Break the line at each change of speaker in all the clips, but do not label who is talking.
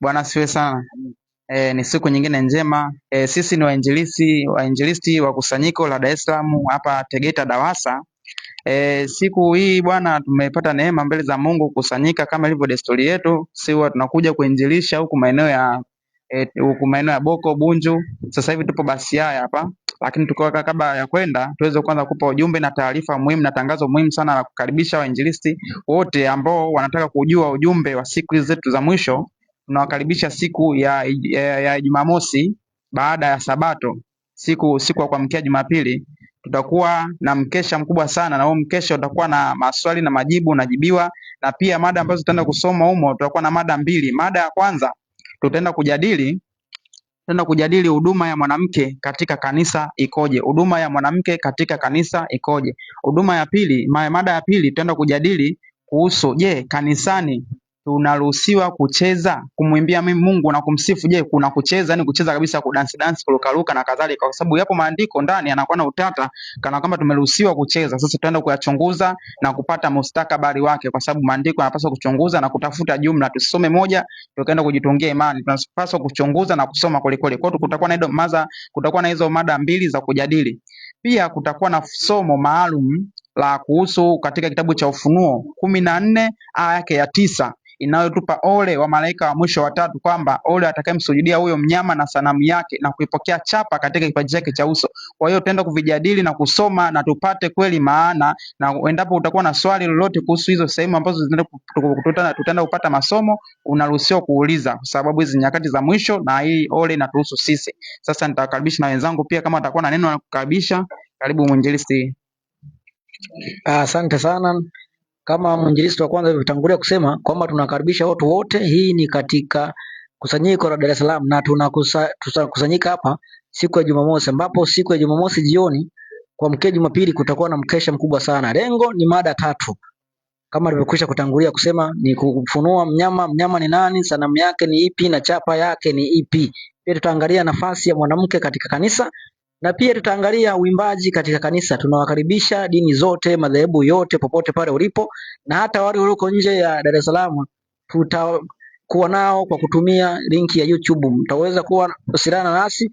Bwana asifiwe sana. E, ni siku nyingine njema. E, sisi ni wainjilisti wainjilisti wa kusanyiko la Dar es Salaam hapa Tegeta Dawasa. E, siku hii bwana tumepata neema mbele za Mungu kusanyika kama ilivyo desturi yetu, si huwa tunakuja kuinjilisha huku maeneo ya e, huku e, maeneo ya Boko Bunju. Sasa hivi tupo basi haya hapa, lakini tukiweka kabla ya kwenda tuweze kwanza kupa ujumbe na taarifa muhimu na tangazo muhimu sana la kukaribisha wainjilisti wote ambao wanataka kujua ujumbe wa siku hizi zetu za mwisho tunawakaribisha siku ya, ya, ya Jumamosi baada ya Sabato, siku siku wa kuamkia Jumapili tutakuwa na mkesha mkubwa sana, na huo mkesha utakuwa na maswali na majibu unajibiwa na pia mada ambazo tutaenda kusoma humo, tutakuwa na mada mbili. Mada ya kwanza tutaenda kujadili tutaenda kujadili huduma ya mwanamke katika kanisa ikoje, huduma ya mwanamke katika kanisa ikoje. Huduma ya pili, mada ya pili tutaenda kujadili kuhusu je, kanisani tunaruhusiwa kucheza kumwimbia mimi Mungu na kumsifu? Je, kuna kucheza yani kucheza kabisa ku dance dance kuruka ruka na kadhalika? Kwa sababu yapo maandiko ndani yanakuwa na utata kana kwamba tumeruhusiwa kucheza. Sasa tutaenda kuyachunguza na kupata mustakabali wake, kwa sababu maandiko yanapaswa kuchunguza na kutafuta jumla. Tusisome moja tukaenda kujitungia imani, tunapaswa kuchunguza na kusoma kule kule. Kwa hiyo kutakuwa na hizo maza, kutakuwa na hizo mada mbili za kujadili. Pia kutakuwa na somo maalum la kuhusu katika kitabu cha Ufunuo kumi na nne aya yake ya tisa inayotupa ole wa malaika wa mwisho watatu kwamba ole atakayemsujudia huyo mnyama na sanamu yake na kuipokea chapa katika kipaji chake cha uso. Kwa hiyo tutaenda kuvijadili na kusoma na tupate kweli maana, na endapo utakuwa na swali lolote kuhusu hizo sehemu ambazo tutaenda kupata masomo, unaruhusiwa kuuliza, kwa sababu hizi nyakati za mwisho na hii ole inatuhusu sisi. Sasa nitawakaribisha na wenzangu pia, kama atakuwa na neno la kukaribisha. Karibu mwinjilisti.
Asante uh, sana kama mwinjilisti wa kwanza alivyotangulia kusema kwamba tunakaribisha watu wote. Hii ni katika kusanyiko la Dar es Salaam na tunakusanyika hapa siku ya Jumamosi, ambapo siku ya Jumamosi jioni kwa mkea Jumapili kutakuwa na mkesha mkubwa sana. Lengo ni mada tatu kama alivyokwisha kutangulia kusema, ni kufunua mnyama, mnyama ni nani, sanamu yake ni ipi na chapa yake ni ipi. Pia tutaangalia nafasi ya mwanamke katika kanisa na pia tutaangalia uimbaji katika kanisa. Tunawakaribisha dini zote, madhehebu yote, popote pale ulipo, na hata wale walioko nje ya Dar es Salaam tutakuwa nao kwa kutumia linki ya YouTube. Mtaweza kuwasiliana nasi,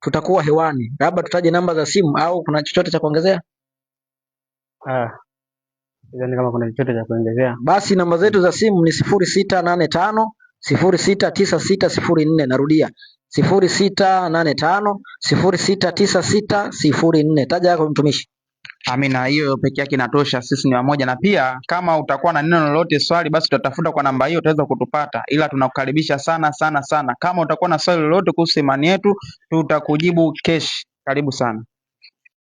tutakuwa hewani. Labda tutaje namba za simu au kuna chochote cha kuongezea?
Ah, yani kama kuna chochote cha kuongezea,
basi namba zetu za simu ni sifuri sita nane tano sifuri sita tisa sita sifuri nne. Narudia sifuri sita nane tano sifuri sita tisa sita sifuri nne. Taja yako mtumishi.
Amina, hiyo peke yake inatosha, sisi ni wamoja. Na pia kama utakuwa na neno lolote swali, basi tutatafuta kwa namba hiyo, utaweza kutupata. Ila tunakukaribisha sana sana sana, kama utakuwa na swali lolote kuhusu imani yetu, tutakujibu kesh. Karibu sana.